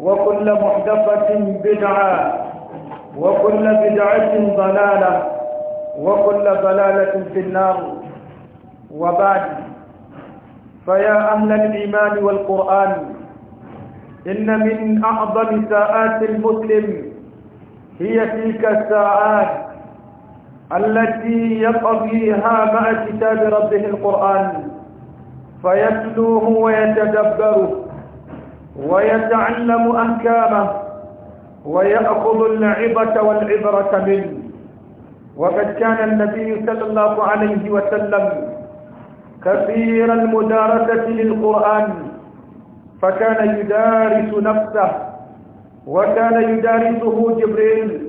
وكل محدفة بدعة وكل بدعة ضلالة وكل ضلالة في النار وبعد فيا أهل الإيمان والقرآن إن من أعظم ساعات المسلم هي تلك الساعات التي يقضيها مع كتاب ربه القرآن فيتلوه ويتدبره ويتعلم أحكامه ويأخذ اللعبة والعبرة منه وقد كان النبي صلى الله عليه وسلم كثير المدارسة للقرآن فكان يدارس نفسه وكان يدارسه جبريل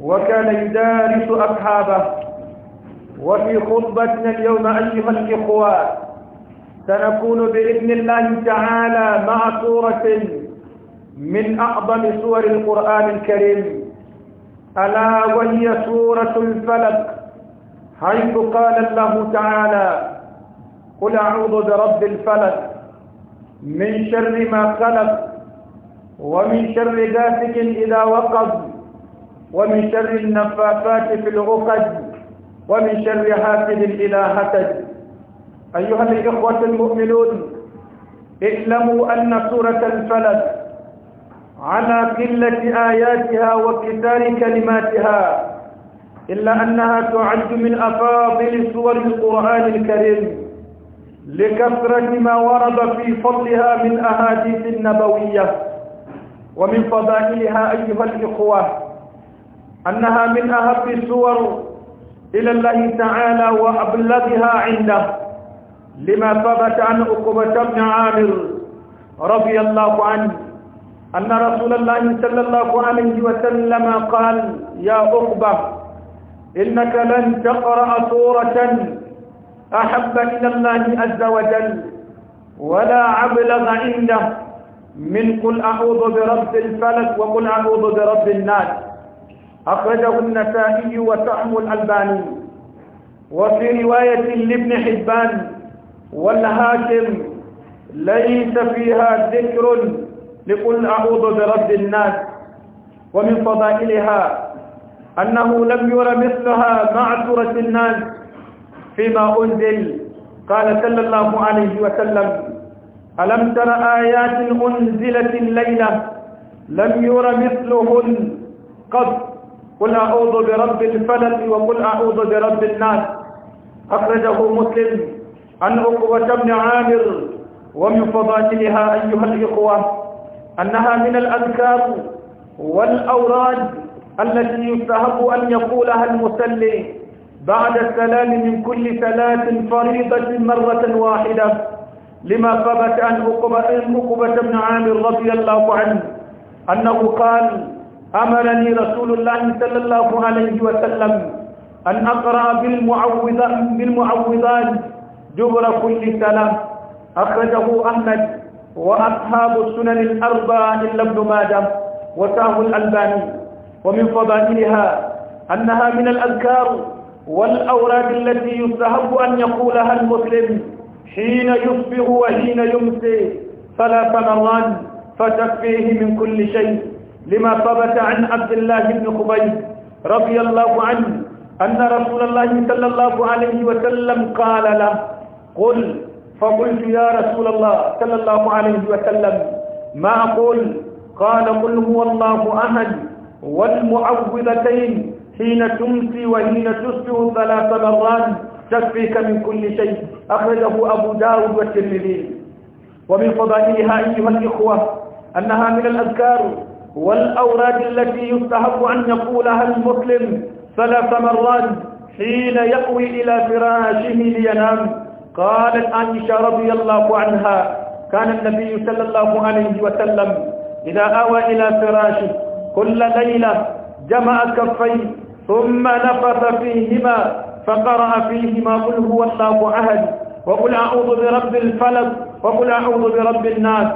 وكان يدارس أصحابه وفي خطبتنا اليوم أيها الإخوات سنكون بإذن الله تعالى مع سورة من أعظم سور القرآن الكريم ألا وهي سورة الفلق حيث قال الله تعالى قل أعوذ برب الفلق من شر ما خلق ومن شر غاسق إذا وقب ومن شر النفاثات في العقد ومن شر حاسد إذا حسد أيها الإخوة المؤمنون اعلموا أن سورة الفلد على قلة آياتها وكثار كلماتها إلا أنها تعد من أفاضل سور القرآن الكريم لكثرة ما ورد في فضلها من أحاديث نبوية ومن فضائلها أيها الإخوة أنها من أهم السور إلى الله تعالى وأبلغها عنده لما ثبت عن عقبة بن عامر رضي الله عنه أن رسول الله صلى الله عليه وسلم قال يا عقبة إنك لن تقرأ سورة أحب إلى الله عز وجل ولا أبلغ عنده من قل أعوذ برب الفلك وقل أعوذ برب الناس أخرجه النسائي وسهم الألباني وفي رواية لابن حبان والحاكم ليس فيها ذكر لقل أعوذ برب الناس ومن فضائلها أنه لم ير مثلها مع سورة الناس فيما أنزل قال صلى الله عليه وسلم ألم تر آيات أنزلت الليلة لم ير مثلهن قط قل أعوذ برب الفلق وقل أعوذ برب الناس أخرجه مسلم عن عقبة بن عامر ومن فضائلها أيها الإخوة أنها من الأذكار والأوراد التي يستحب أن يقولها المسلي بعد السلام من كل صلاة فريضة مرة واحدة لما ثبت عن عقبة بن عامر رضي الله عنه أنه قال أمرني رسول الله صلى الله عليه وسلم أن أقرأ بالمعوذات بالمعوذات دبر كل سلام أخرجه أحمد وأصحاب السنن الأربعة إلا ابن ماجه وتاه الألباني ومن فضائلها أنها من الأذكار والأوراد التي يستحب أن يقولها المسلم حين يصبح وحين يمسي ثلاث مرات فتكفيه من كل شيء لما ثبت عن عبد الله بن خبيب رضي الله عنه أن رسول الله صلى الله عليه وسلم قال له قل فقلت يا رسول الله صلى الله عليه وسلم ما أقول قال قل هو الله أحد والمعوذتين حين تمسي وحين تسجد ثلاث مرات تكفيك من كل شيء أخرجه أبو داود والترمذي ومن فضائلها أيها الإخوة أنها من الأذكار والأوراد التي يستحب أن يقولها المسلم ثلاث مرات حين يقوي إلى فراشه لينام قالت عائشة رضي الله عنها كان النبي صلى الله عليه وسلم إذا آوى إلى فراشه كل ليلة جمع كفيه ثم نفث فيهما فقرأ فيهما قل هو الله أحد وقل أعوذ برب الفلق وقل أعوذ برب الناس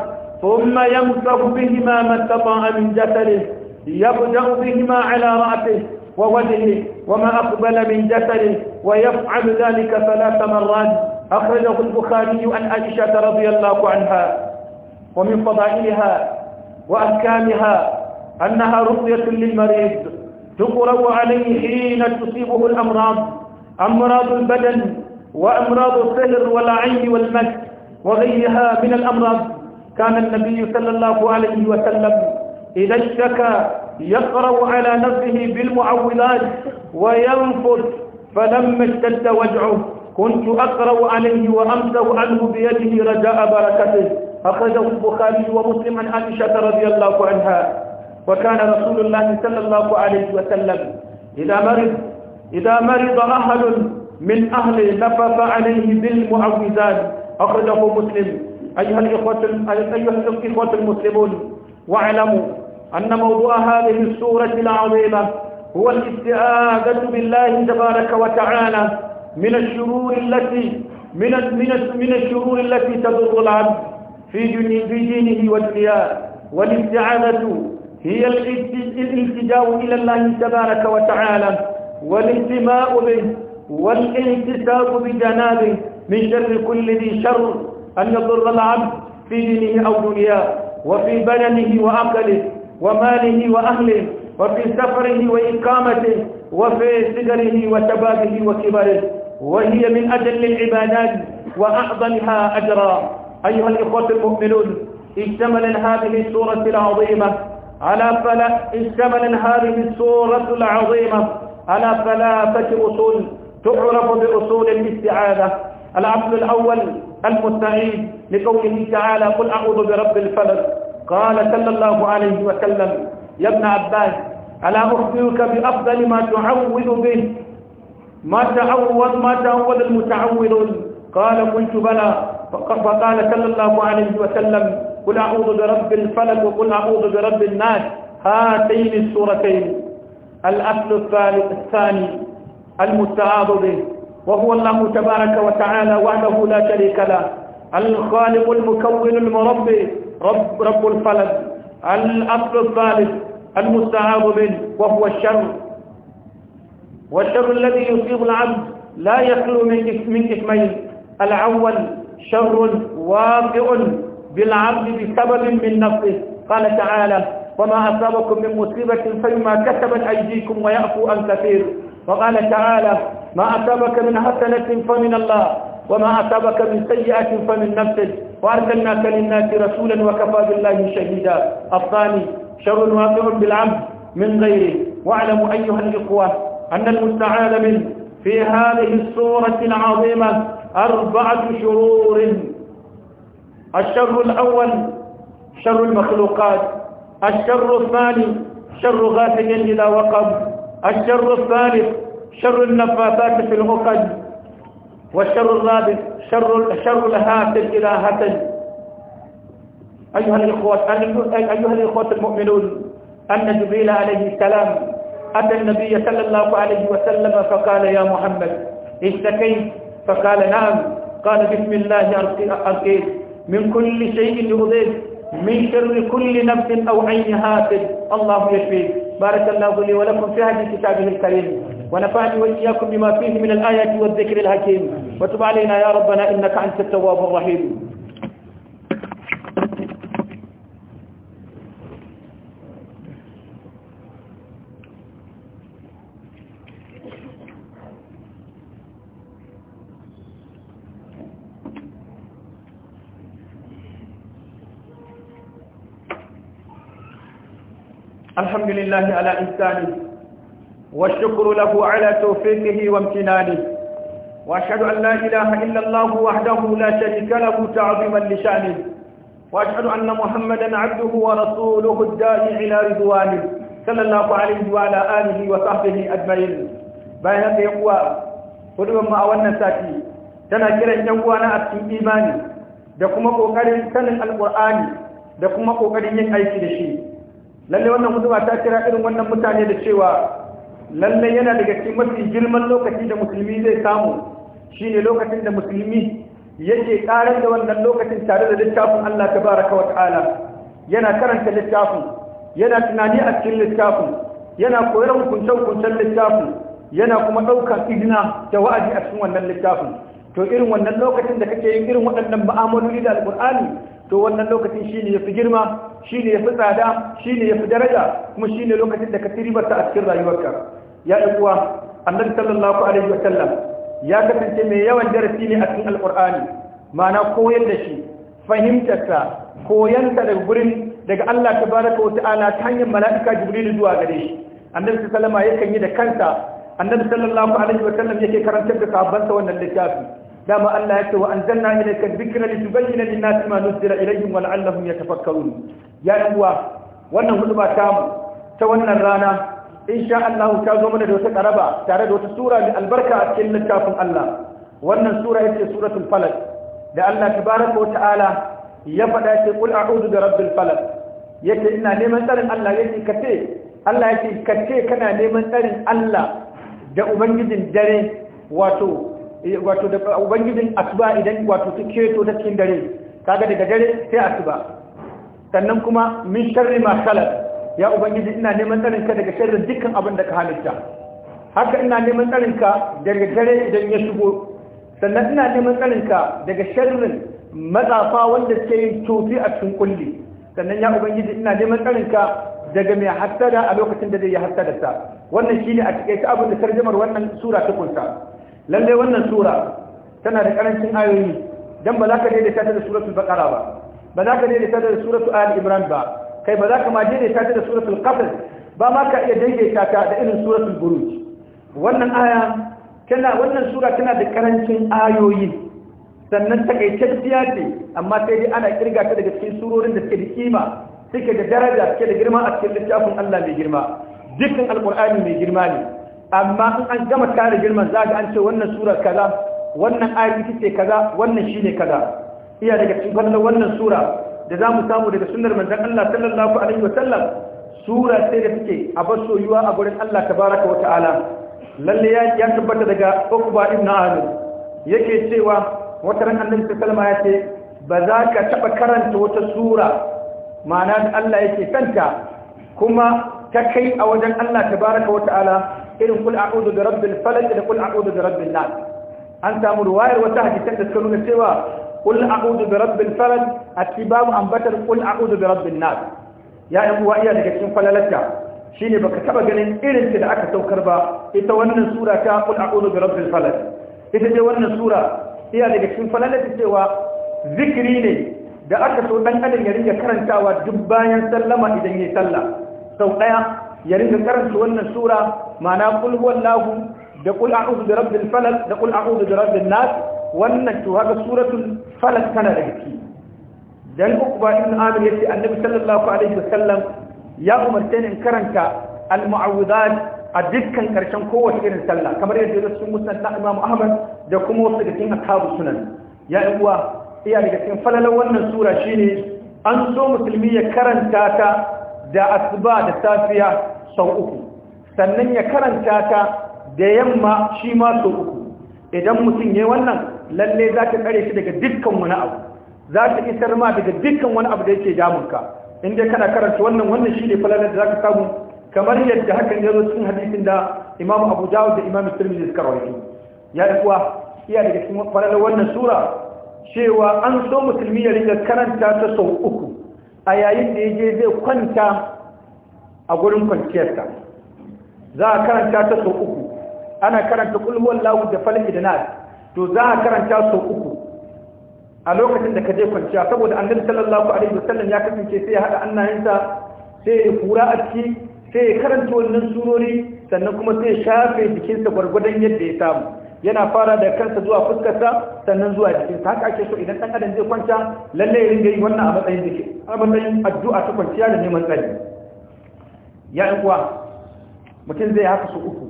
ثم يمسك بهما ما استطاع من جسده يبدأ بهما على رأسه ووجهه وما أقبل من جسده ويفعل ذلك ثلاث مرات أخرجه البخاري عن عائشة رضي الله عنها ومن فضائلها وأحكامها أنها رقية للمريض تقرأ عليه حين تصيبه الأمراض أمراض البدن وأمراض السهر والعين والمس وغيرها من الأمراض كان النبي صلى الله عليه وسلم إذا اشتكى يقرأ على نفسه بالمعوذات وينفذ فلما اشتد وجعه كنت أقرأ عليه وأمسه عنه بيده رجاء بركته أخرجه البخاري ومسلم عن عائشة رضي الله عنها وكان رسول الله صلى الله عليه وسلم إذا مرض إذا مرض أهل من أهله نفث عليه بالمعوذات أخرجه مسلم أيها الإخوة أيها الإخوة المسلمون واعلموا أن موضوع هذه السورة العظيمة هو الاستعاذة بالله تبارك وتعالى من الشرور التي من من من الشرور التي تضر العبد في دينه ودنياه والاستعاذة هي الالتجاء إلى الله تبارك وتعالى والانتماء به والانتساب بجنابه من شر كل ذي شر أن يضر العبد في دينه أو دنياه وفي بدنه وأكله وماله وأهله وفي سفره وإقامته وفي صغره وشبابه وكبره وهي من أجل العبادات وأعظمها أجرا أيها الإخوة المؤمنون اشتمل هذه السورة العظيمة على فلا اشتمل هذه السورة العظيمة على ثلاثة أصول تعرف بأصول الاستعاذة العقل الأول المستعيذ لقوله تعالى قل أعوذ برب الفلق قال صلى الله عليه وسلم يا ابن عباس ألا أخبرك بأفضل ما تعوذ به ما تعوذ ما تعوذ المتعوذ قال قلت بلى فقال صلى الله عليه وسلم قل أعوذ برب الفلك وقل أعوذ برب الناس هاتين السورتين الأصل الثالث الثاني المستعاض به وهو الله تبارك وتعالى وحده لا شريك له الخالق المكون المربي رب, رب الفلك الأصل الثالث المستعاب منه وهو الشر والشر الذي يصيب العبد لا يخلو من اسمين الأول شر واقع بالعبد بسبب من نفسه قال تعالى وما أصابكم من مصيبة فيما كسبت أيديكم ويعفو عن كثير وقال تعالى ما أصابك من حسنة فمن الله وما أصابك من سيئة فمن نفسك وأرسلناك للناس رسولا وكفى بالله شهيدا الثاني شر واقع بالعبد من غيره واعلموا أيها الإخوة أن المستعان من في هذه الصورة العظيمة أربعة شرور الشر الأول شر المخلوقات الشر الثاني شر غافل إذا وقب الشر الثالث شر النفاثات في العقد والشر الرابع شر شر لها إلى هاتف أيها الإخوة أيها الإخوة المؤمنون أن جبريل عليه السلام أتى النبي صلى الله عليه وسلم فقال يا محمد اشتكيت فقال نعم قال بسم الله أرقيت من كل شيء يغضيت من شر كل نفس أو عين هاتف الله يشفيك بارك الله لي ولكم في هذه كتابه الكريم ونفعني وإياكم بما فيه من الآيات والذكر الحكيم وتب علينا يا ربنا إنك أنت التواب الرحيم الحمد لله على إنسانه والشكر له على توفيقه وامتنانه وأشهد أن لا إله إلا الله وحده لا شريك له تعظيما لشأنه وأشهد أن محمدا عبده ورسوله الداعي إلى رضوانه صلى الله عليه وعلى آله وصحبه أجمعين بينما يقوى قدوة ما أولنا ساتي tana kiran yan uwana a cikin imani da kuma kokarin sanin alqur'ani da kuma kokarin yin aiki da shi lalle wannan mutuwa ta kira irin wannan mutane da cewa lallai yana daga cikin mafi girman lokaci da musulmi zai samu shine lokacin da musulmi yake karar da wannan lokacin tare da littafin Allah tabaraka wa ta'ala yana karanta littafin yana tunani a cikin littafin yana koyar hukuncen hukuncen littafin yana kuma ɗaukar izina da wa'azi a cikin wannan littafin to irin wannan lokacin da kake yin irin waɗannan ma'amaloli da alƙur'ani to wannan lokacin shine yafi girma shine yafi tsada shine yafi daraja kuma shine lokacin da ka ribarta a cikin rayuwarka ya ɗan annabi sallallahu alaihi wa sallam ya kasance mai yawan darasi ne a cikin alqur'ani ma'ana koyar da shi fahimtarsa da daga gurin daga Allah tabaraka ta'ala ta hanyar mala'ika jibril zuwa gare shi annabi sallama yakan yi da kansa annabi sallallahu alaihi wa sallam yake karantar da sahabbansa wannan littafi dama Allah ya ce wa anzalna ilayka dhikra litubayyana lin-nasi ma nuzila ilayhim wa la'allahum yatafakkarun ya uwa wannan hudba ta mu ta wannan rana insha Allah ta zo mana da wata karaba tare da wata sura mai albarka a cikin littafin Allah wannan sura yake suratul falaq da Allah tabaraka wa ta'ala ya faɗa ce kul a'udhu bi rabbil falaq yake ina neman tsarin Allah yake kace Allah yake kace kana neman tsarin Allah da ubangijin dare wato wato da ubangijin asuba idan wato suke to ta cikin dare kaga daga dare sai asuba sannan kuma min sharri ma khalaq ya ubangiji ina neman tsarinka daga sharrin dukkan abin da ka halitta haka ina neman tsarinka daga dare idan ya shigo sannan ina neman tsarinka daga sharrin matsafa wanda suke yin tofi a cikin kulli sannan ya ubangiji ina neman tsarinka daga mai hassada a lokacin da zai yi hassadarsa wannan shine a cikin abin da tarjimar wannan sura ta kunsa lallai wannan sura tana da karancin ayoyi dan ba za ka daidaita ta da suratul baqara ba ba za ka daidaita ta da suratul ali imran ba kai ba za ka maje ne ta da suratul qasas ba ma ka iya daidaita ta da irin suratul buruj wannan aya tana wannan sura tana da karancin ayoyi sannan ta takaitacciya ce amma sai dai ana kirga ta daga cikin surorin da suke da kima suke da daraja suke da girma a cikin littafin Allah mai girma dukkan alkur'ani mai girma ne amma in an gama tare girman za ga an ce wannan sura kaza wannan ayati ce kaza wannan shine kaza iya daga cikin wannan sura da za mu samu daga sunnar manzan Allah sallallahu alaihi wasallam sura sai da take a baso yuwa a gurin Allah tabaraka wa ta'ala lalle ya tabbata daga Uqba ibn Amir yake cewa wata ran ta sallama ya ce ba za ka taɓa karanta wata sura ma'ana da Allah yake kanta kuma ta kai a wajen Allah tabaraka wa ta'ala irin kul a'udhu bi rabbil falaq da kul a'udhu bi rabbin nas an samu ruwayar wata hadisan ta suka nuna cewa kul a'udhu bi rabbil falaq a ambatar kul a'udhu bi rabbin nas ya yan uwa iya daga cikin falalata shine baka taba ganin irin da aka saukar ba ita wannan sura ta kul a'udhu bi rabbil falaq ita dai wannan sura iya daga cikin falalata cewa zikiri ne da aka so dan adam ya ringa karantawa duk bayan sallama idan yayi salla. sau daya ya ringa karanta wannan sura ma'ana kul huwallahu da kul a'udhu bi rabbil falaq da kul a'udhu bi rabbin nas wannan to haka suratul falaq tana da ciki dan ukba ibn amir yace annabi sallallahu alaihi wasallam ya umarta ni in karanta al-mu'awwidat a dukkan karshen kowace irin sallah kamar yadda ya cikin musnad na Imam Ahmad da kuma wasu daga cikin akabu sunan ya uwa iya daga cikin falalan wannan sura shine an so musulmi ya karanta ta da asuba da safiya sau uku sannan ya karanta ta da yamma shi ma sau uku idan mutum yayi wannan lalle za ta kare shi daga dukkan wani abu za su isar ma daga dukkan wani abu da yake ka. in dai kana karanta wannan wannan ne falalar da za ka samu kamar yadda hakan ya zo cikin hadisin da imamu abu da imamu tirmidhi suka rawaito ya kuwa iya daga cikin falalar wannan sura cewa an so musulmi ya riga karanta ta sau uku a yayin da ya je zai kwanta a gurin kwanciyarsa za a karanta ta sau uku ana karanta kulhuwar lawu da falaki da to za a karanta sau uku a lokacin da ka je kwanciya saboda an annabi sallallahu alaihi sallan ya kasance sai ya hada annayensa sai ya kura a ciki sai ya karanta wannan surori sannan kuma sai ya shafe jikinsa gwargwadon yadda ya samu yana fara da kansa zuwa fuskarsa sannan zuwa jikinsa haka ake so idan ɗan adam zai kwanta lalle ya ringa yi wannan a matsayin jiki a matsayin addu'a ta kwanciya da neman tsari ya yan kuwa mutum zai haka su uku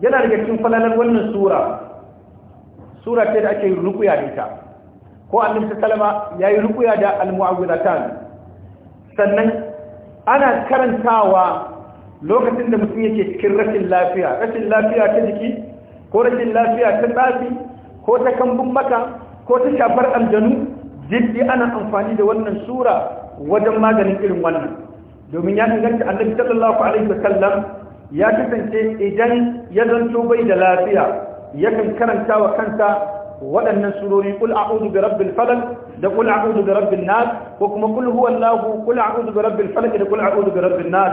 yana daga cikin falalar wannan sura sura ce da ake yi rukuya da ita ko annabi sallallahu ya yi rukuya da almu'awwidatan sannan ana karantawa lokacin da mutum yake cikin rashin lafiya rashin lafiya ta jiki ko rashin lafiya ta tsafi ko ta kambun maka ko ta shafar aljanu jiddi ana amfani da wannan sura wajen maganin irin wannan domin ya inganta annabi sallallahu alaihi wasallam ya kasance idan ya zanto bai da lafiya yakan karanta wa kansa waɗannan surori kul a'udhu bi rabbil falaq da kul a'udhu bi rabbin nas ko kuma kul huwallahu kul a'udhu bi rabbil falaq da kul a'udhu bi rabbin nas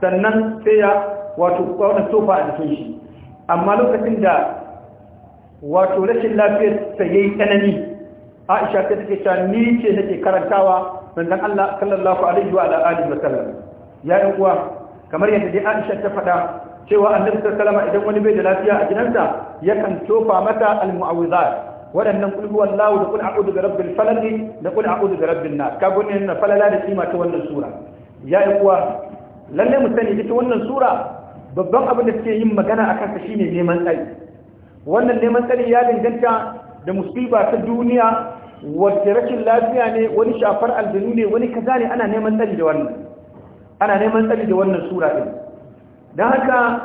sannan sai ya wato kwauna tofa a cikin shi amma lokacin da wato rashin lafiyar sa yayi tsanani Aisha ta take ta ni ce nake karantawa manzon Allah sallallahu alaihi wa alihi wa sallam ya yi uwa kamar yadda dai Aisha ta faɗa cewa annabi sallallahu idan wani bai da lafiya a gidansa yakan tofa mata almu'awizat waɗannan kul huwallahu da kul a'udhu bi rabbil falaq da kul a'udhu bi rabbin nas ka ne na falala da kima ta wannan sura ya yi kuwa lalle mu sani ita wannan sura babban abin da suke yin magana a kansa shine neman tsari wannan neman tsari ya danganta da musiba ta duniya wacce rashin lafiya ne wani shafar aljanu ne wani kaza ne ana neman tsari da wannan ana neman tsari da wannan sura din da haka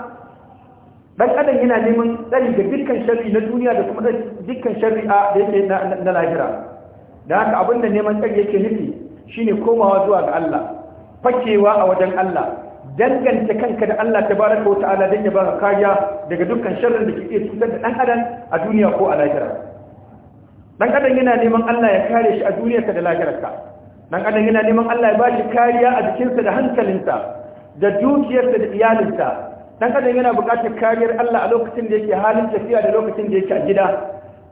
ɗan adam yana neman tsari da dukkan shari'a na duniya da kuma dukkan shari'a da yake na lahira da haka abinda neman tsari yake nufi shine komawa zuwa ga Allah fakewa a wajen Allah danganta kanka da Allah ta ba tabaraka wa ta'ala don ya ba ka kariya daga dukkan sharrin da ke iya cutar da dan adam a duniya ko a lahira Ɗan adam yana neman Allah ya kare shi a duniyarsa da lahirarsa Ɗan adam yana neman Allah ya bashi kariya a jikinsa da hankalinsa da dukiyarsa da iyalinsa dan adam yana buƙatar kariyar Allah a lokacin da yake halin tafiya da lokacin da yake a gida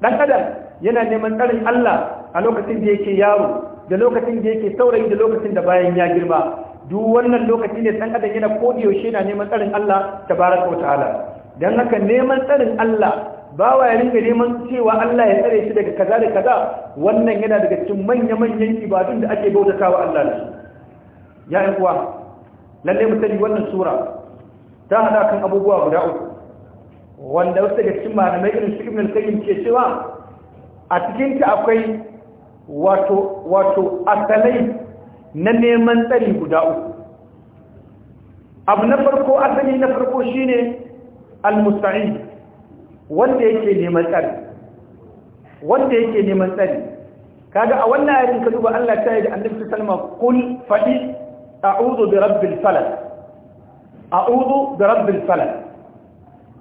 dan adam yana neman tsarin Allah a lokacin da yake yaro da lokacin da yake saurayi da lokacin da bayan ya girma duk wannan lokaci ne dan adam yana yaushe yana neman tsarin Allah tabaraka wa ta'ala dan haka neman tsarin Allah ba wa ya rinka neman cewa Allah ya tsare shi daga kaza da kaza wannan yana daga cikin manya-manyan ibadun da ake bautatawa Allah da su ya kuwa. lalle mu sani wannan sura ta hada kan abubuwa guda uku wanda wasu daga cikin mai irin su ibn al ke cewa a cikin ta akwai wato wato asalai na neman tsari guda uku abu na farko asali na farko shine al-musta'in wanda yake neman tsari wanda yake neman tsari kaga a wannan ayatin ka duba Allah ta yi da annabi sallama kul fadi a'udhu da rabbil falaq a'udhu bi rabbil falaq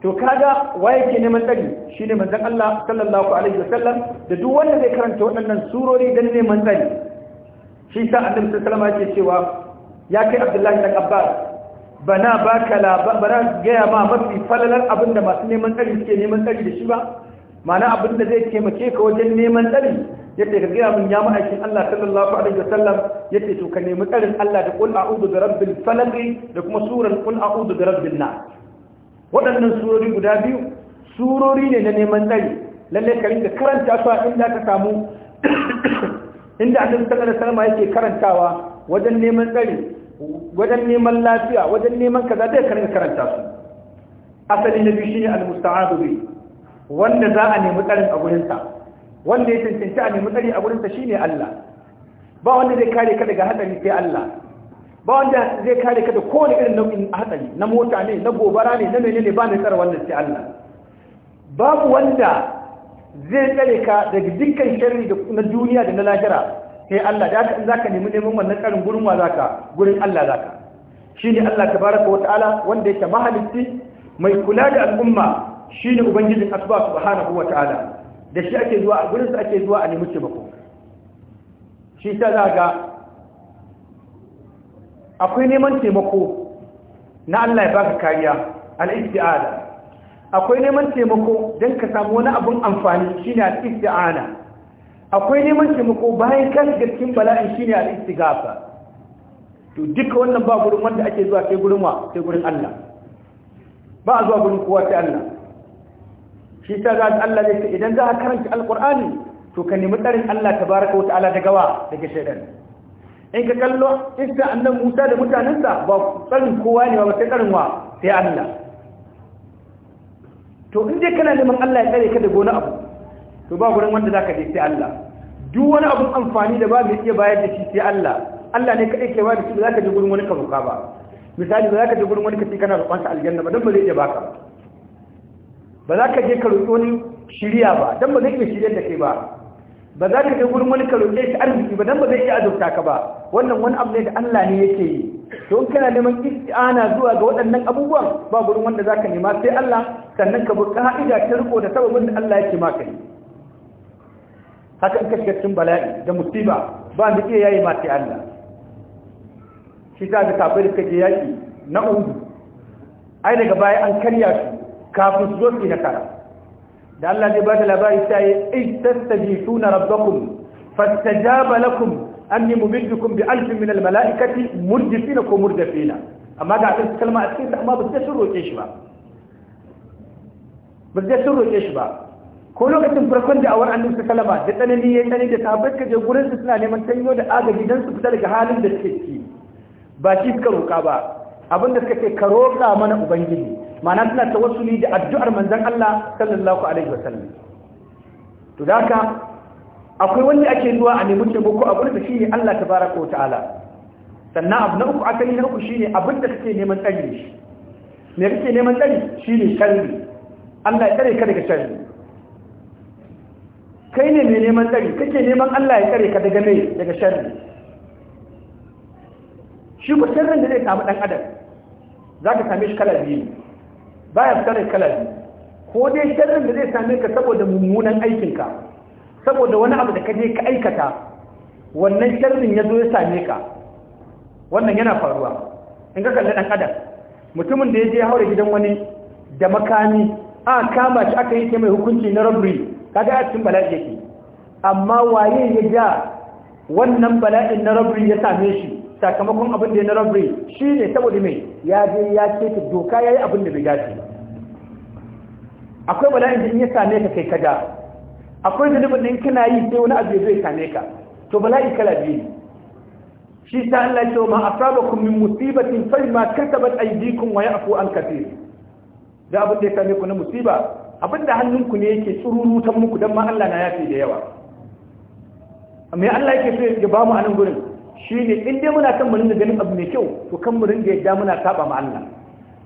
to kaga waye ke neman tsari shine manzon Allah sallallahu alaihi wasallam da duk wanda zai karanta waɗannan surori dan neman tsari shi yake cewa ya kai Abdullahi dan Abbas bana baka gaya ma mafi falalar abinda masu neman tsari suke neman tsari da shi ba ma'ana abinda zai taimake ka wajen neman tsari yace ka gaya min ya ma'aikin Allah sallallahu alaihi wasallam yace to ka nemi tsarin Allah da qul a'udhu bi rabbil falaq da kuma suran qul a'udhu bi rabbin nas waɗannan surori guda biyu surori ne na neman tsari lalle ka rinka karanta su a inda ka samu inda annabi sallallahu alaihi wasallam yake karantawa wajen neman tsari wajen neman lafiya wajen neman kaza dai ka rinka karanta su asali na biyu shine al-musta'adu bi wanda za a nemi tsarin a gurin sa wanda ya cancanci a nemi tsari a gurinsa shine Allah ba wanda zai kare ka daga hatsari sai Allah ba wanda zai kare ka da kowane irin nau'in hatsari na mota ne na gobara ne na ne, ba ne tsara wannan sai Allah babu wanda zai tsare ka daga dukkan sharri na duniya da na lahira sai Allah da haka zaka nemi neman wannan tsarin gurin wa zaka gurin Allah zaka shine Allah tabaraka wa ta'ala wanda yake mahalicci mai kula da al'umma shine ubangijin asba subhanahu wa ta'ala da shi ake zuwa gurin gurinsa ake zuwa a nemi taimako shi ta za ga akwai neman taimako na Allah ya baka kariya al istiana akwai neman taimako don ka samu wani abun amfani shine al-isti'ana akwai neman taimako bayan ka shiga cikin bala'in shine al-istighafa to duka wannan ba gurin wanda ake zuwa sai gurin wa sai gurin Allah ba a zuwa gurin kowa sai Allah shi ta ga Allah zai ce idan za a karanta Alƙur'ani, to ka nemi tsarin Allah ta tabaraka wa ta'ala daga wa daga shaytan in ka kallo iska annan Musa da mutanensa ba tsarin kowa ne ba sai tsarin wa sai Allah to in dai kana neman Allah ya tsare ka daga wani abu to ba gurin wanda zaka je sai Allah duk wani abun amfani da ba mai iya bayar da shi sai Allah Allah ne kadai ke ba da shi ba zaka je gurin wani ka ba misali ba zaka je gurin wani ka ce kana roƙon sa aljanna ba don ba zai iya baka ba ba za ka je ka roƙi wani shirya ba don ba zai iya shiryar da kai ba ba za ka je gurin wani ka roƙe shi arziki ba don ba zai iya azurta ka ba wannan wani abu ne da Allah ne yake yi to in kana neman isti'ana zuwa ga waɗannan abubuwan ba gurin wanda za ka nema sai Allah sannan ka bi ka'ida ta riko da sababin da Allah yake maka yi. haka in ka shiga cikin bala'i da musiba ba ni iya yayi ma sai Allah shi za ka kafir ka je yaki na ai daga baya an karya su kafin su zo su da kara da Allah ne ba da labari ta yi istastajifuna rabbakum fastajaba lakum anni mumiddukum bi alfin min almalaikati murdifina ko murdafina amma da akwai kalma a cikin amma ba su sun roƙe shi ba ba su sun roƙe shi ba ko lokacin farkon da awar annabi ta kalama da tsanani ya tsanani da sahabbai ka je gurin su suna neman tanyo da agaji don su fita daga halin da suke ciki ba shi suka roƙa ba abinda suka ce ka roƙa mana ubangiji ma'ana suna tawassuli da addu'ar manzan Allah sallallahu alaihi wasallam to ka, akwai wani ake zuwa a nemi taimako a shi ne Allah ta fara kowace ta'ala sannan abu na uku yi na uku shine abin da kake neman tsari shi me kake neman tsari ne sharri Allah ya tsare ka daga sharri kai ne mai neman tsari kake neman Allah ya tsare ka daga mai daga sharri shi ku sharrin da zai samu dan adam ka same shi kala biyu baya tsare kalar ko dai sharrin da zai same ka saboda mummunan aikinka saboda wani abu da ka je ka aikata wannan sharrin ya zo ya same ka wannan yana faruwa in ka kalli ɗan adam mutumin da ya je haure gidan wani da makami a kama shi aka yi mai hukunci na rabri kaga a cikin bala'i yake amma waye ya ja wannan bala'in na rabri ya same shi sakamakon abin da ya na rabri shi ne saboda mai ya je ya ce ta doka ya yi abin da bai dace akwai bala'in da in ya same ka kai kaja akwai zunubin da in kana yi sai wani abu zai same ka to bala'i kala biyu shi ta Allah ce ma asabakum min musibatin fa ma kasabat aydikum wa ya'fu an kathir da abin da ya same ku na musiba abin da hannunku ne yake ta muku dan ma Allah na yafi da yawa me Allah yake so ya ba mu a nan gurin ne, in dai muna kan mu ganin abu mai kyau to kan mu ringa yadda muna saba ma Allah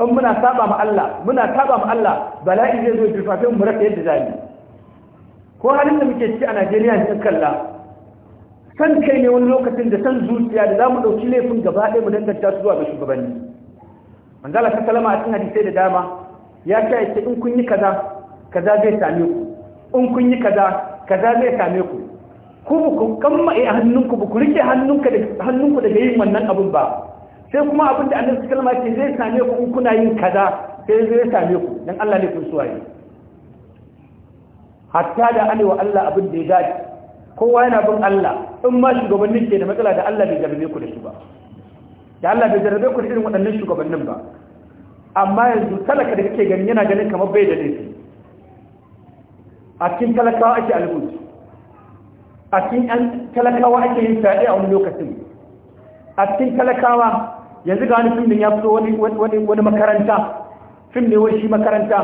in muna saba ma Allah muna saba ma Allah bala'i zai zo jirfafe mu rasa yadda zai ko halin da muke ciki a Najeriya ne kalla san kai ne wani lokacin da san zuciya da za mu ɗauki laifin gaba ɗaya mu danganta su zuwa ga shugabanni manzala ta kalama a cikin hadisai da dama ya ce in kun yi kaza kaza zai same ku in kun yi kaza kaza zai same ku ko ba ku kamma a hannunku ba ku rike hannunku daga yin wannan abin ba sai kuma abin da annabi kalma ce zai same ku in kuna yin kaza sai zai same ku dan Allah ne kun suwaye hatta da alewa Allah abin da ya dace kowa yana bin Allah in ma shugabannin ke da matsala da Allah bai jarabe ku da shi ba da Allah bai jarabe ku da irin waɗannan shugabannin ba amma yanzu talaka da kake gani yana ganin kamar bai da laifi a cikin talakawa ake alhuji a cikin yan talakawa ake yin fyaɗe a wani lokacin a cikin talakawa yanzu ga wani fim ya fito wani makaranta fim ne ya shi makaranta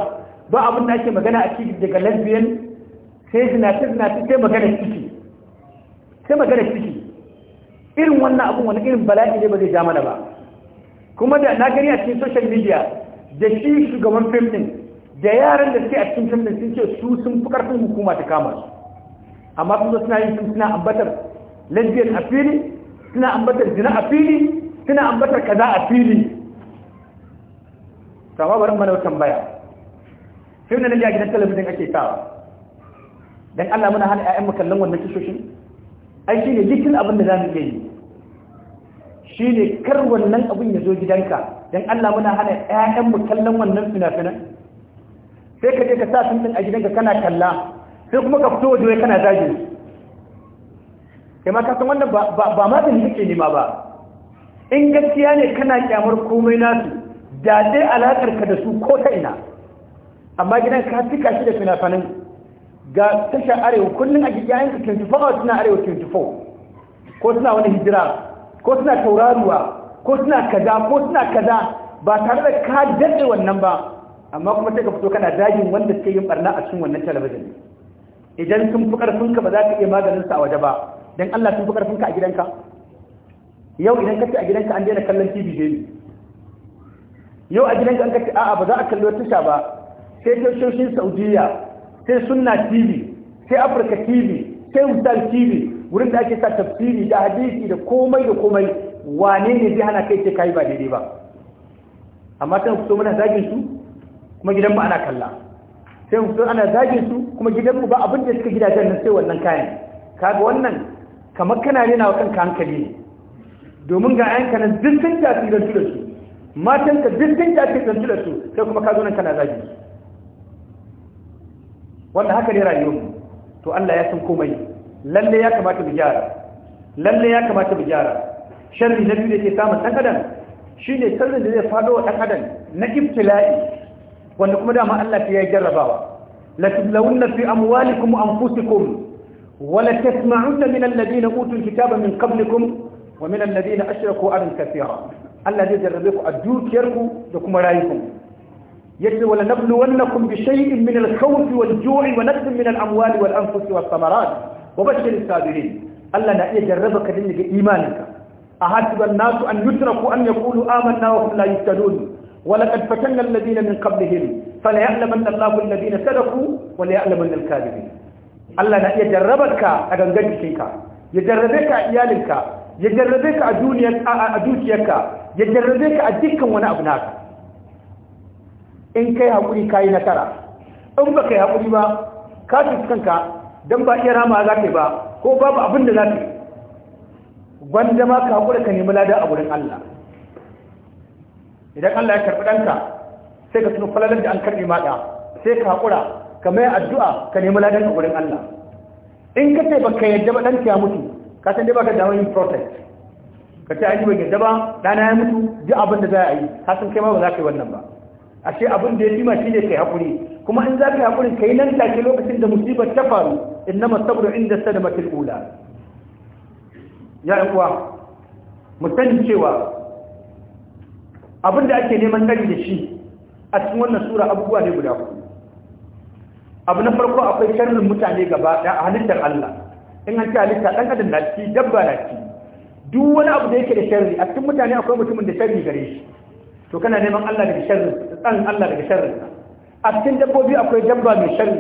ba abin da ake magana a cikin daga lesbian sai zinace zinace sai magana ciki sai magana ciki irin wannan abin wani irin bala'i ne ba zai ja ba kuma da na gani a cikin social media da shi shugaban fim din da yaran da suke a cikin fim din sun ce su sun fi karfin hukuma ta kama su amma sun zo suna yin sun suna ambatar lesbian a fili suna ambatar jina a fili suna ambatar kaza a fili sama barin mana tambaya sai wani nabi a gidan talabijin ake sawa dan Allah muna hana ƴaƴan mu kallon wannan tushoshin ai shine dukkan abin da zamu yi shine kar wannan abin ya zo gidanka dan Allah muna hana ƴaƴan mu kallon wannan fina-finan sai ka je ka sa sun din a gidanka kana kalla sai kuma ka fito waje kana zagin kai ma ka san wannan ba ma suke nema ba in gaskiya ne kana kyamar komai nasu da dai alakar ka da su ko ta ina amma gidan ka tuka shi da finafanin ga tashar arewa kullum a gidayen ka 24 suna arewa 24 ko suna wani hijira ko suna tauraruwa ko suna kaza ko suna kaza ba tare da ka daɗe wannan ba amma kuma sai ka fito kana dajin wanda suke yin barna a cikin wannan talabijin idan sun fi ƙarfinka ba za ka iya maganin sa a waje ba dan Allah sun fi ka a gidanka yau idan ka ce a gidanka an daina kallon TV dai yau a gidanka an kace a'a ba za a kalli wata ba sai tashoshin Saudiya sai Sunna TV sai Africa TV sai Ustaz TV wurin da ake sa tafsiri da hadisi da komai da komai wane ne zai hana kai ce kai ba daidai ba amma sai ku so mana zagin su kuma gidan ba ana kalla sai mu so ana zagi su kuma gidan ku ba abin da suka gidajen nan sai wannan kayan kaga wannan kamar kana rena wa kanka hankali ne domin ga ayanka nan duk sun tafi da su da su matan ka duk sun tafi da su sai kuma ka zo nan kana zage su wanda haka ne rayuwar mu to Allah ya san komai lalle ya kamata mu gyara lalle ya kamata mu gyara sharri da biyu da ke samun ɗan adam shine sarrin da zai faɗo wa ɗan adam na ibtila'i wanda kuma dama Allah ta yi jarrabawa la tublawunna fi amwalikum wa anfusikum wa la tasma'unna min alladhina hutun kitaba min qablikum wa min alladhina ko an kathira Allah zai jarrabe ku a dukiyarku da kuma rayukun. yace wala nabluwannakum bi shay'in min al-khawf wal-ju'i wa naqsin min al-amwali wal-anfus was-samarat wa bashir as-sabirin Allah na iya jarraba ka ga imaninka ahasiban nasu an yutraku an yaqulu amanna wa hum la yuftadun ولقد فتنا الذين من قبلهم فليعلمن الله الذين صدقوا وليعلمن الكاذبين Allah na iya jarrabarka a gangan jikinka ya jarrabe ka a iyalinka ya jarrabe ka a dukiyarka ya jarrabe ka a dukkan wani abu naka in kai hakuri kai nasara in baka yi hakuri ba ka kanka dan ba iya rama za yi ba ko babu abin da za ka yi gwanda ka hakura ka nemi lada a wurin Allah idan Allah ya karɓi ɗanka sai ka tuno falalar da an karɓi maɗa sai ka haƙura ka mai addu'a ka nemi ladan a wurin Allah in ka ce baka yadda ba ɗanka ya mutu ka san dai ka damar yin protest ka ce ainihin yadda ba ɗana ya mutu duk abin da za a yi har sun kai ma ba za ka yi wannan ba ashe abin da ya fi ma shi ne kai haƙuri kuma in za ka yi haƙuri ka yi nan take lokacin da musibar ta faru in na masabar inda sadamatul ula ya uwa mu sani cewa abin da ake neman tsari da shi a cikin wannan sura abubuwa ne guda ku abu na farko akwai sharrin mutane gaba da a halittar Allah in an ce halitta ɗan adam na ci dabba na ci duk wani abu da yake da sharri a cikin mutane akwai mutumin da sharri gare shi to kana neman Allah daga sharri tsan Allah daga sharri a cikin dabbobi akwai dabba mai sharri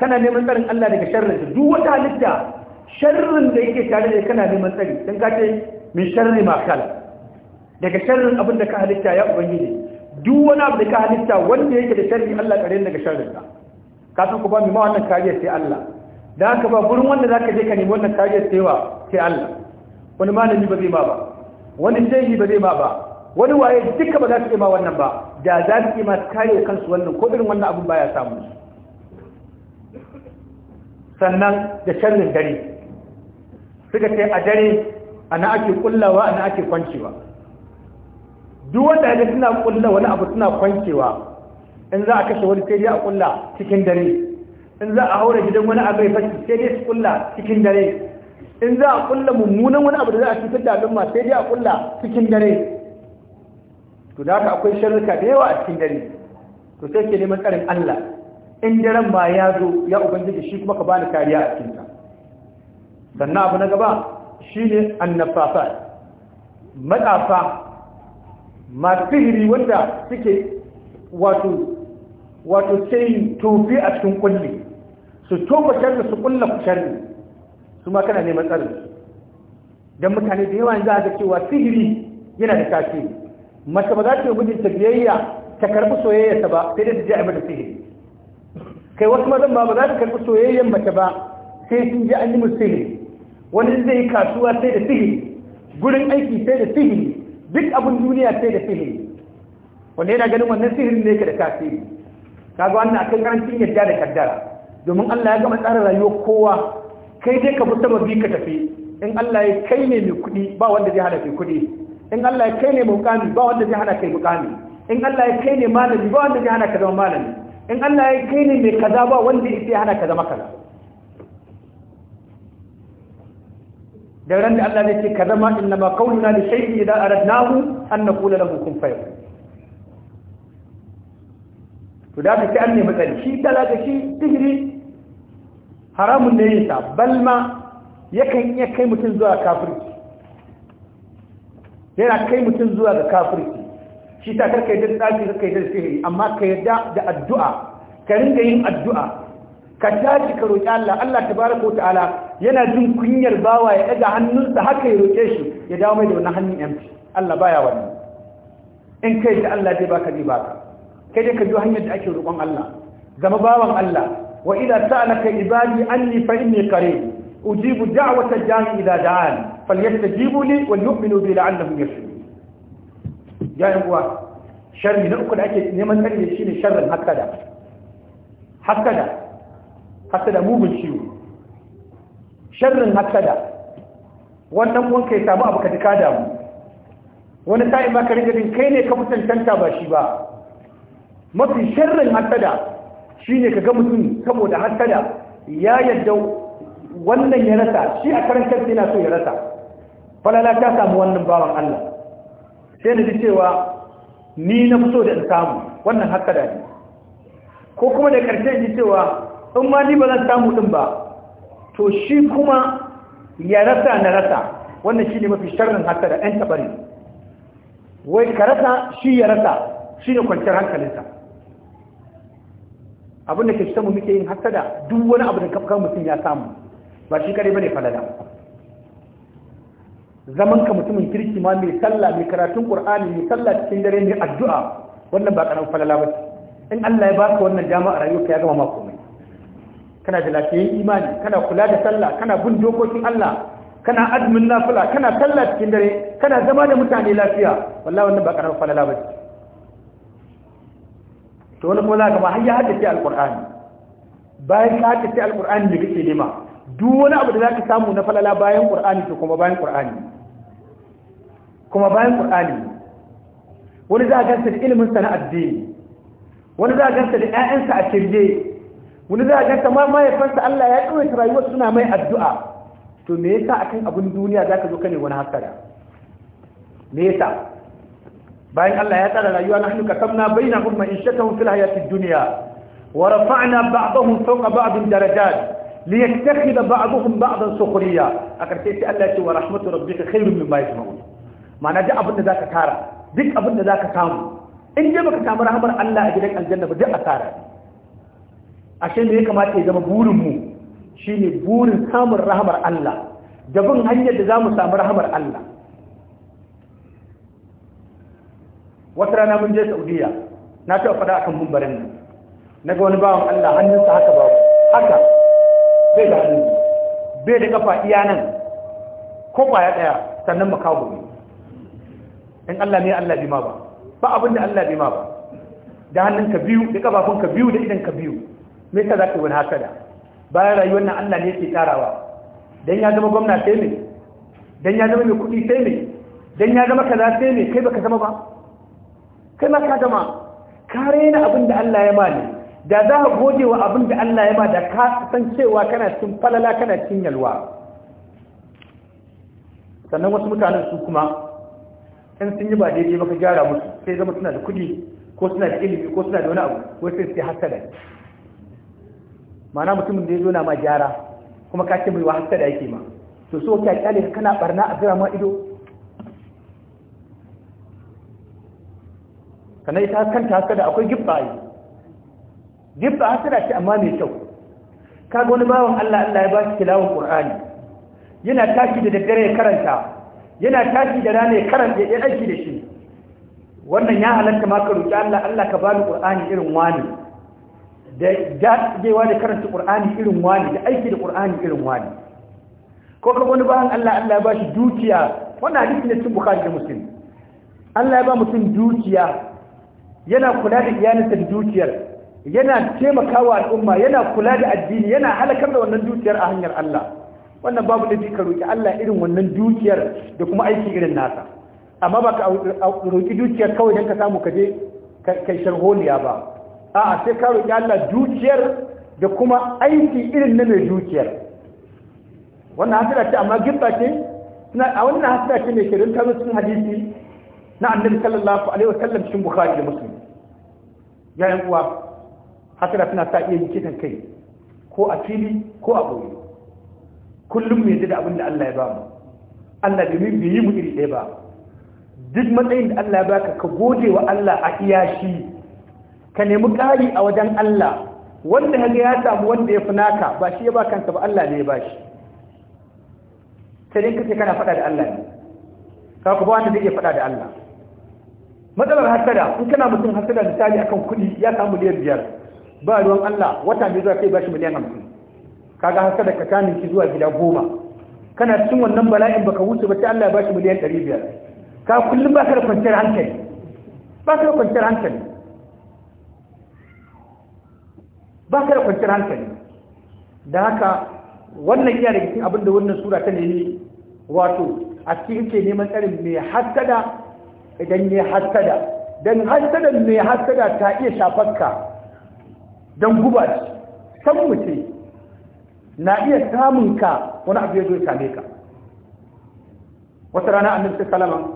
kana neman tsarin Allah daga sharri duk wata halitta sharrin da yake tare da kana neman tsari dan ka ce min sharri ma kala daga sharrin abin da ka halitta ya ubangiji duk wani abu da ka halitta wanda yake da sharri Allah kare daga sharrin ka ka san ku ba mu ma wannan kariya sai Allah da haka ba gurin wanda zaka je ka nemi wannan kariya sai wa sai Allah wani malami ba zai ma ba wani shehi ba zai ma ba wani waye duka ba za su ma wannan ba da za su ma kare kansu wannan ko irin wannan abin baya samu sannan da sharrin dare suka ce a dare ana ake kullawa ana ake kwancewa duk wanda ya suna kulla wani abu suna kwancewa in za a kashe wani sai dai a kulla cikin dare in za a haura gidan wani abu ya fashe sai dai su kulla cikin dare in za a kulla mummunan wani abu da za a cutar da al'umma sai dai a kulla cikin dare to da haka akwai sharruka da yawa a cikin dare to sai ke neman tsarin Allah in daren ba ya zo ya ubangiji shi kuma ka bani kariya a cikin ka sannan abu na gaba shine annafafa matsafa masu sihiri wanda suke wato sai tofi a cikin kulle su tofa sharri su kulla sharri su ma kana neman tsarin don mutane da yawa za ga cewa sihiri yana da tasiri masu ba za ta yi mijinta biyayya ta karɓi soyayyarsa ba sai dai ta je a mata sihiri kai wasu mazan ba ba za ta karɓi soyayyar mace ba sai sun je an yi musu sihiri wani zai yi kasuwa sai da sihiri gurin aiki sai da sihiri duk abin duniya sai da sihiri wanda yana ganin wannan sihirin ne yake da tasiri kaga wannan akan garantin yadda da kaddara domin Allah ya gama tsara rayuwar kowa kai dai ka fita mabi ka tafi in Allah ya kai ne mai kuɗi ba wanda zai hana kai kuɗi in Allah ya kai ne mukami ba wanda zai hana kai mukami in Allah ya kai ne malami ba wanda zai hana ka zama malami in Allah ya kai ne mai kaza ba wanda zai hana ka zama kaza da ran da Allah yake ce ka zama inna ma kaununa li shay'in idan aradnahu an naqula lahu kun fayakun to da sai an nemi tsari shi talaka shi tihri haramun ne yasa sa balma yakan iya kai mutum zuwa kafirci yana kai mutum zuwa ga kafirci shi ta karkai da tsaki karkai da sihiri amma ka yadda da addu'a ka ringa yin addu'a ka tashi ka roƙi Allah Allah tabaraka wa ta'ala yana jin kunyar bawa ya ɗaga hannunsa haka ya roƙe shi ya dawo mai da wannan hannun yanci Allah baya wani. in kai da Allah zai baka zai baka kai dai ka ji hanyar da ake roƙon Allah zama bawan Allah wa idza sa'alaka ibadi anni fa inni qareeb ujibu da'wata da'i idza da'an falyastajibu li wal yu'minu bi la'annahum yashkurun ya uwa sharri na uku da ake neman tsari shine sharrin hakada hakada hasada mugun ciwo sharrin hasada wannan kuma ya samu abu ka jika damu wani sa'in ba ka kai ne ka tanta ba shi ba mafi sharrin hasada shine ka ga mutum saboda hasada ya yadda wannan ya rasa shi a karantar yana so ya rasa falala ta samu wannan bawan Allah sai da cewa ni na fito da in samu wannan hasada ne ko kuma da karshe ji cewa in ma ni ba zan samu din ba to shi kuma ya rasa na rasa wannan shi ne mafi sharrin hasara ɗan tabari wai ka rasa shi ya rasa shi ne kwanciyar hankalinsa abin da ke shi samu muke yin hasada duk wani abu da kafkan mutum ya samu ba shi kare ba ne falala zaman ka mutumin kirki ma mai sallah mai karatun qur'ani mai sallah cikin dare mai addu'a wannan ba karan falala ba in Allah ya baka wannan dama a rayuwarka ya gama mako kana da lafiyayyen imani kana kula da sallah kana bin dokokin Allah kana azumin nafila kana sallah cikin dare kana zama da mutane lafiya wallahi wannan ba karamar falala ba to wani kuma zaka ba har ya haddace alqur'ani bayan ka haddace alqur'ani da kake nema duk wani abu da zaka samu na falala bayan qur'ani to kuma bayan qur'ani kuma bayan qur'ani wani za a gansa da ilimin sana'ar addini wani za a gansa da ƴaƴansa a shirye wani za a ga kamar mahaifansa Allah ya tsawaita rayuwar suna mai addu'a to me yasa akan abin duniya za zaka zo ne wani hasara me yasa bayan Allah ya tsara rayuwa nahnu katamna bainahum ma'ishatahum fil hayatid dunya wa rafa'na ba'dahum fawqa ba'din darajat liyattakhidha ba'dahum ba'dan A akarce sai Allah ya ce wa rahmatu rabbika khairun mimma yajma'un ma'ana duk abin da ka tara duk abin da ka samu in dai baka samu rahmar Allah a gidan aljanna ba duk asara ne ashe da ya kamata ya zama burinmu shi ne burin samun rahamar Allah da bin hanyar da za mu samu rahamar Allah wata rana mun je saudiya na taɓa faɗa a kan mumbarin nan na ga wani bawan Allah hannunsa haka ba haka bai da hannu bai da kafa iya nan ko ya ɗaya sannan makawo ne in Allah ne Allah bi ma ba ba abin da Allah bi ma ba da hannunka biyu da kafafunka biyu da idanka biyu me ka za ka wani haka da bayan rayuwar nan Allah ne ke tarawa dan ya zama gwamna sai ne dan ya zama mai kuɗi sai ne dan ya zama kaza sai ne kai baka zama ba kai ma ka zama ka rena abin da Allah ya ma ne da za ka goge wa abin da Allah ya ma da ka san cewa kana cikin falala kana cikin yalwa sannan wasu mutanen su kuma in sun yi ba daidai ba ka gyara musu sai zama suna da kuɗi ko suna da ilimi ko suna da wani abu wai sai su hasada ma'ana mutumin da ya zo na ma gyara kuma ka ce mai wa haska da yake ma to so ka kyale kana barna a zira ma ido kana ita kanta haska da akwai gibba yi gibba haska da ce amma mai kyau kaga wani bawan Allah Allah ya ba shi tilawar Qur'ani yana tashi da daddare ya karanta yana tashi da rana ya karanta ya aiki da shi wannan ya halatta ma ka roki Allah Allah ka bani Qur'ani irin wani da daɗewa da karanta ƙur'ani irin wani da aiki da ƙur'ani irin wani ko ka wani bayan Allah Allah ya ba shi dukiya wannan hadisi ne cikin Bukhari da Muslim Allah ya ba mutum dukiya yana kula da iyalinsa da dukiyar yana taimakawa al'umma yana kula da addini yana halakar da wannan dukiyar a hanyar Allah wannan babu da ka roki Allah irin wannan dukiyar da kuma aiki irin nasa amma ba ka roki dukiyar kawai don ka samu ka je kai sharholiya ba a sai ka roƙi Allah dukiyar da kuma aiki irin na mai dukiyar wannan hasira ce amma gibba ce a wannan hasira ce mai shirin ta sun hadisi na annabi sallallahu alaihi wa sallam cikin bukhari da muslim yan uwa hasira tana sa iya kisan kai ko a fili ko a boye kullum mai da abin da Allah ya ba mu Allah domin bai yi mu iri ɗaya ba duk matsayin da Allah ya baka ka gode wa Allah a iya shi ka nemi ƙari a wajen Allah wanda kaga ya samu wanda ya fi naka ba shi ya ba kansa ba Allah ne ya ba shi sai ka ce kana faɗa da Allah ne ka ku ba wanda zai iya faɗa da Allah matsalar hasada in kana mutum hasada misali akan kuɗi ya samu miliyan biyar ba ruwan Allah wata mai zuwa kai ba shi miliyan hamsin kaga hasada ka tanin ki zuwa gida goma kana cikin wannan bala'in baka wuce ba sai Allah ya ba shi miliyan ɗari biyar ka kullum ba ka da kwanciyar hankali ba ka da kwanciyar hankali ba ka da kwanciyar hankali da haka wannan iya da cikin abinda wannan sura ta nemi wato a cikin ke neman tsarin mai haskada idan ya haskada don haskada mai haskada ta iya shafarka don guba ce san mutum na iya samun ka wani abu ya zo ya same ka wata rana annabta sallallahu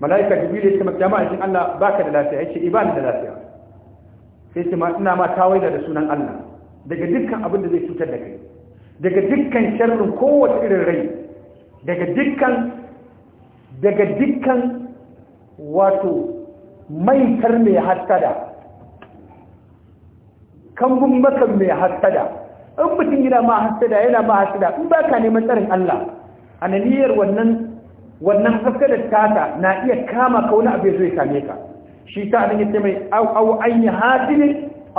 mala'ika jibi da ya ce jama'a jin Allah baka da lafiya ya ce ibani eh, da lafiya sai ce ma ina ma waida da sunan Allah daga dukkan abin da zai cutar da kai daga dukkan sharrin kowace irin rai daga dukkan daga dukkan wato maitar mai hasada kambun makan mai hasada in mutum yana ma hasada yana ma hasada in ba ka neman tsarin Allah ananiyar wannan wannan hasada tata na iya kama ka wani abu zai same ka shi ta nan mai au au aini ne,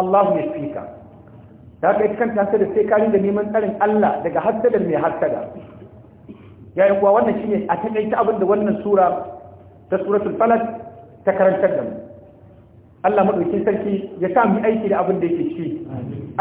Allahu ya fika ta kan ta hasada sai kari da neman tsarin Allah daga hasadar mai hasada ya kuwa wannan shine a takaita abin da wannan sura ta suratul falaq ta karantar da mu Allah maɗaukin sarki ya sa mu aiki da abin da ya ke ciki.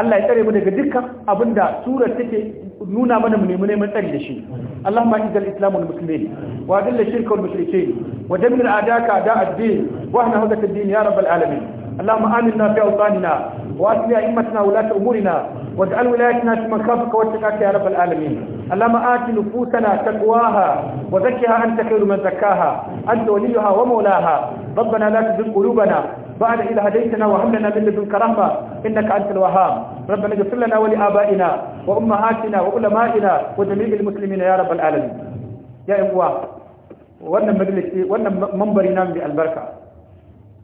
Allah ya tsare mu daga dukkan abin da surar take nuna mana mu nemi neman tsari da shi. Allah ma izal islamu na musulmi wa dalil shirka wal mushrike wa damir adaka da ad-din wa ahna hadak ad-din ya rabbal alamin. Allah ma amilna fi awtanina wa asli na wa lati umurina wa ja'al wilayatina fi man khafaka wa taqaka ya rabbal alamin. Allah ma ati nufusana taqwaha wa zakkiha anta khairu man zakkaha anta waliyuha wa mawlaha. ربنا لا تزغ قلوبنا بعد إذ هديتنا وهب لنا من لدنك رحمة إنك أنت الوهاب ربنا اغفر لنا ولآبائنا وأمهاتنا وعلمائنا وجميع المسلمين يا رب العالمين يا إخوة wannan majalisi wannan mambari na mai albarka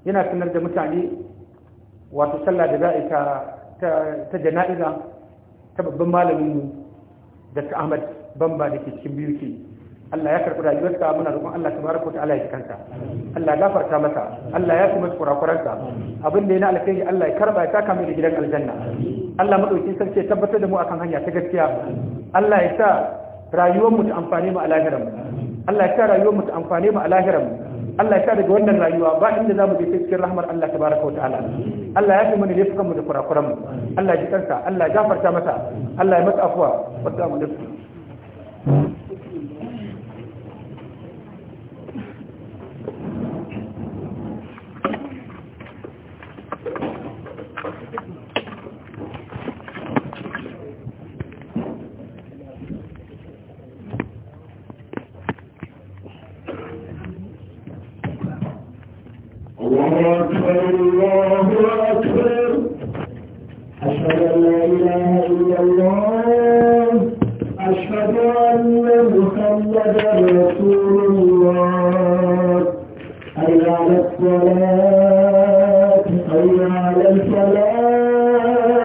yana sanar da mutane wato sallah da za'i ta ta jana'iza ta babban malamin mu da Ahmad Bamba da ke cikin biyu Allah ya karɓi rayuwarsa muna roƙon Allah ta baraka ta'ala ya kansa Allah ya gafarta masa Allah ya kuma kurakuransa abin da yana alkhairi Allah ya karba ya saka mu da gidan aljanna Allah madaukakin sarki ya tabbatar da mu akan hanya ta gaskiya Allah ya sa rayuwar mu ta amfane mu a lahiran Allah ya sa rayuwar mu ta amfane mu a lahiran Allah ya sa daga wannan rayuwa ba inda zamu je cikin rahmar Allah tabaraka wa ta'ala Allah ya fi mana da fukan mu da kurakuran mu Allah ya ji kansa Allah ya gafarta masa Allah ya masa afwa wa ta'ala